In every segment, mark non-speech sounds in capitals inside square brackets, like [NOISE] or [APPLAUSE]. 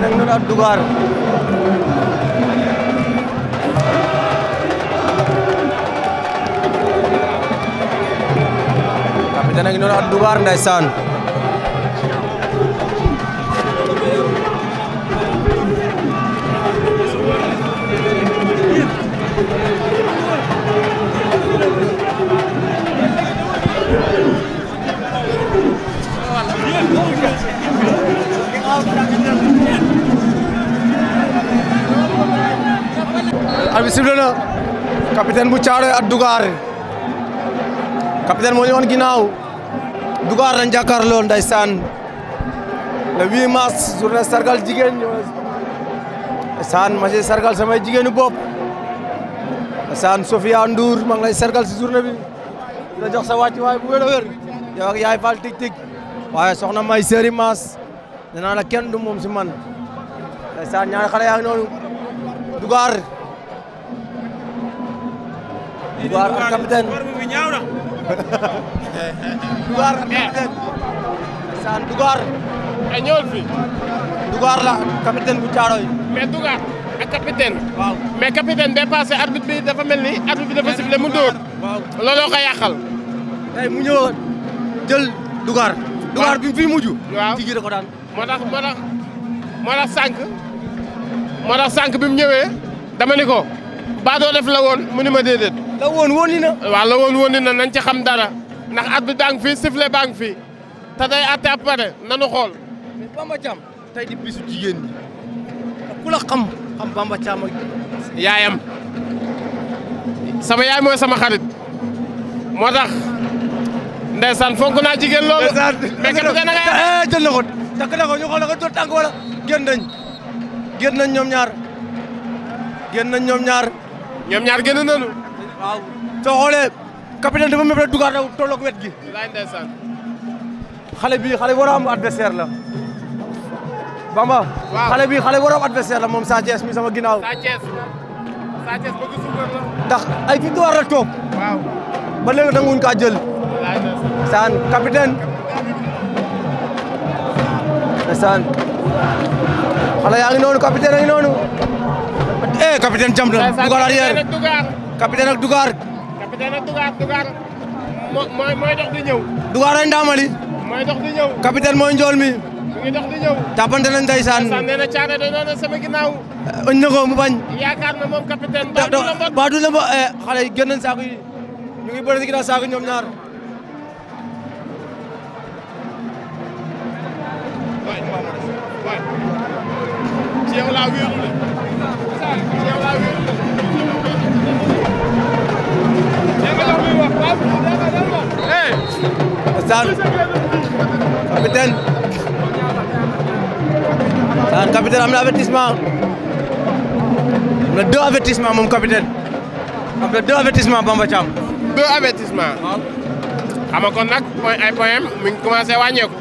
nang na dugar kapitaine ngi noonu at dugar ndeysaan arbitre sifflé na bu Thiaroye ak Dougaré capitaine moo ñu woon ginnaaw Dougaré lañ jàkkaarloo ndeysaan le 8 mars journée sargal jigéen ndeysaan ma ci sargal samay jigéenu bopp ndeysaan Sofia Ndour ma ngi si journée bi di sa wàcc waaye bu wér a wér yow ak yaay waaye soxna may séeri maas nee naa la kenn du si man ndeysaan ñaari xale yaa ngi noonu Dougaré Douar ak capitaine Douar [LAUGHS] ak capitaine. Saan Douar. la capitaine bu Thiaroye. mais Douar ak capitaine. waaw mais capitaine day passé bi dafa mel ni arbitre bi dafa mu dóor. waaw looloo ko yàqal. mu ñëw jël Douar. Douar bi fi mujj. waaw tijji da ko daan. moo tax sànq. moo tax sànq bi mu ñëwee dama ko. baadoo def la woon mu ni ma déedéet. la woon woon na. waaw la woon woon na nañ ci xam dara ndax addu baa ngi fii sifflet baa ngi fii te day àtte après nanu xool. mais di bisu jigéen ñi ku la xam xam Bamba Thiam yaayam sama yaay mooy sama xarit moo tax ndeysaan fonk naa jigéen loolu. ndeysaan mais kenn ku ne nga eh, jël na ko takk na ko ñu xool na ko doo tànk wala nañ génn nañ ñoom ñaar génn nañ ñoom ñaar. ñoom ñaar génn nañu. waaw soo xoolee capitaine dafa mën a dugaat raw tolloog wet gi. laay ndeysaan. xale bi xale war a am adversaire la. Bamba. waaw xale bi xale war a am la moom Sa Thiès mi sama ginnaaw. Sa ay victoire la toog. waaw ba léegi nanguwuñ kaa jël. laay saan capitaine. ndeysaan. xale yaa ngi noonu capitaine a ngi noonu. eh capitaine jam na dugaar arrière capitaine ak dugaar. capitaine ak dugaar dugaar mooy mooy dox di ñëw. dugaar ay ndaamali. mooy dox di ñëw. capitaine mooy njool mi. mu ngi dox di ñëw. tàppante nañ ndeysaan. ndeysaan nee na caane doy noonu sama ginnaaw. ëñ na ko mu bañ. yaakaar na moom capitaine. baadu la mbokk baadu la mbokk eh, xale yi génn nañ saako yi ñu ngi bëri si ñaar. Sane capitaine Sane capitaine am na avertissement am na deux avertissement moom capitaine am na deux avertissement Bamba Thiam. deux avertissement. Ah. xam nga kon nag point ay point mi ngi commencé wàññeeku.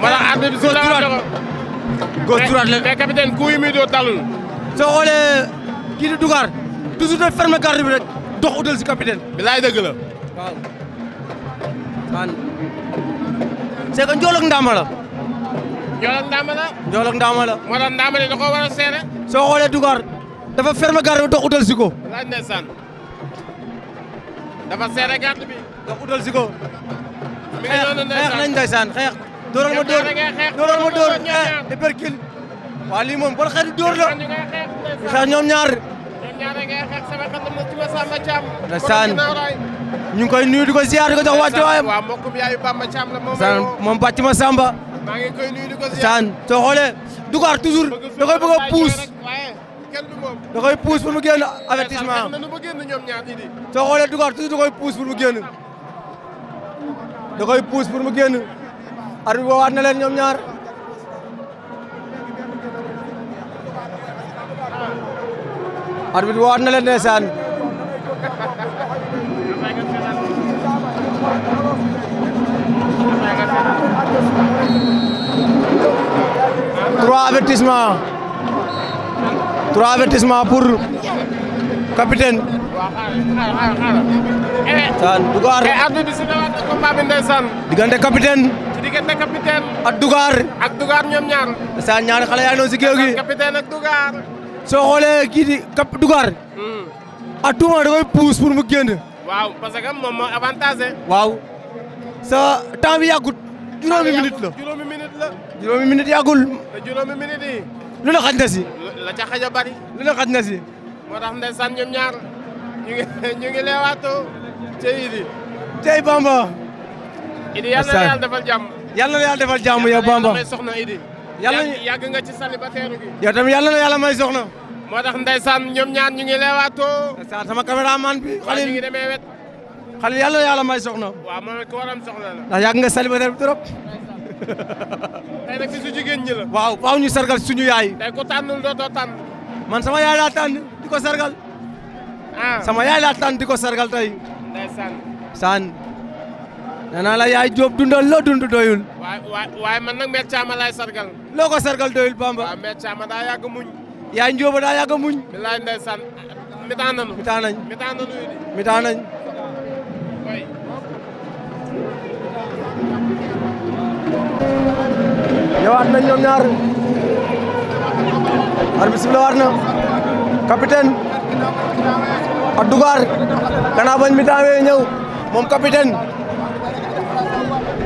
maanaam ah, arbitre gauche droite la mais capitaine doo dalul. soo xoolee kii di Dugar toujours day bi rek dox utal si capitaine. bilaay dëgg la. waaw. man c'est que ndamala ak ndaama la. njool ak ndaama la. njool moo tax ndaama li da koo soo xoolee Dugar dafa fermer garde bi dox utal si ko. laaj ndeysaan dafa seene garde bi. si ko. dóoral ma dóor dóoral ma dóor eh percule waaw lii moom bon xeetu dóor la ñu xeex ñoom ñaar ndeysaan ñu ngi koy nuyu di ko ziar di ko jox wàccu waayam ndeysaan moom bàcc ma Samba ndeysaan soo xoolee Dugar toujours da koy bëgg a puus da koy puus pour mu génn avertissement soo xoolee Dugar toujours da koy puus pour mu génn da koy puus pour mu génn arbitre bi waat na leen ñoom ñaar arbitre bi waat na leen ndeysaan trois avertissement trois avertissement pour capitaine saan dugaar eh, diggante capitaine di diggante capitaine. ak Dugar. ak Dugar ñoom ñaar. sa ñaari xale yaa ngi si géew gi soo xoolee kii di cap Dugar. Hmm. à tout moment da waaw parce que moom moo avantage. waaw sa temps bi yàggut. juróomi minute la juróomi minute la. Eh, lu la xaj si. la ca xaj bari. lu la xaj na si. moo tax ndeysaan ñoom ñaar ñu ngi [LAUGHS] ñu ngi leewaatoo. di. cey Bamba. Idi yal na la yàlla defal jàmm. yal na la yàlla defal jàmm yow yàlla na la yàlla may soxna. moo tax ndeysaan ñoom ñaar ñu ngi leewaatoo. ndeysaan sama bi. xale ñu ngi demee wet. xale yàlla yàlla may soxna. waaw moom yàgg nga célibataire bi trop. tey waaw faaw ñu sargal suñu yaay. tey ku tànnul dootoo tànn. man sama yaay laa tànn di ko sargal. ah sama yaay laa tànn di ko sargal tey. saan. danaa la yaay Diop dundal loo dund doyul. waay waay man nag Met Caama laay sargal. loo ko sargal doyul Bamba. waaw Caama daa yàgg muñ. yaay Ndiobo daa yàgg muñ. bilaay ndeysaan mitaan nañu. mitaan nañ mitaan nañu yi nañ. ñëwaat ñaar. arbitre bi na. capitaine. ak Dugar. gannaaw bañ mitaan moom capitaine.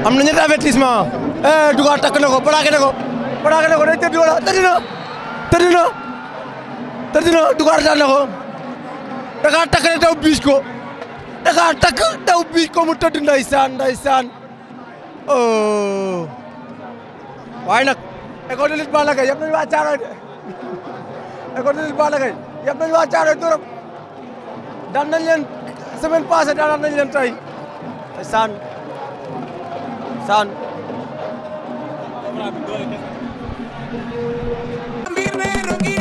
am na ñetti avertissement eh Duga takk na ko plaqué na ko plaqué na ko day tëdd wala tëdd na tëdd na tëdd na Duga daan na ko da kaa takk ne daw biis ko da kaa takk daw biis ko mu tëdd ndeysaan ndeysaan oh waaye nag école de lutte Balla Gaye yëpp nañu waa Caaroy de école de lutte Balla nañu waa Caaroy torop daan nañ leen semaine passée daan nañ leen tey ndeysaan saan mbir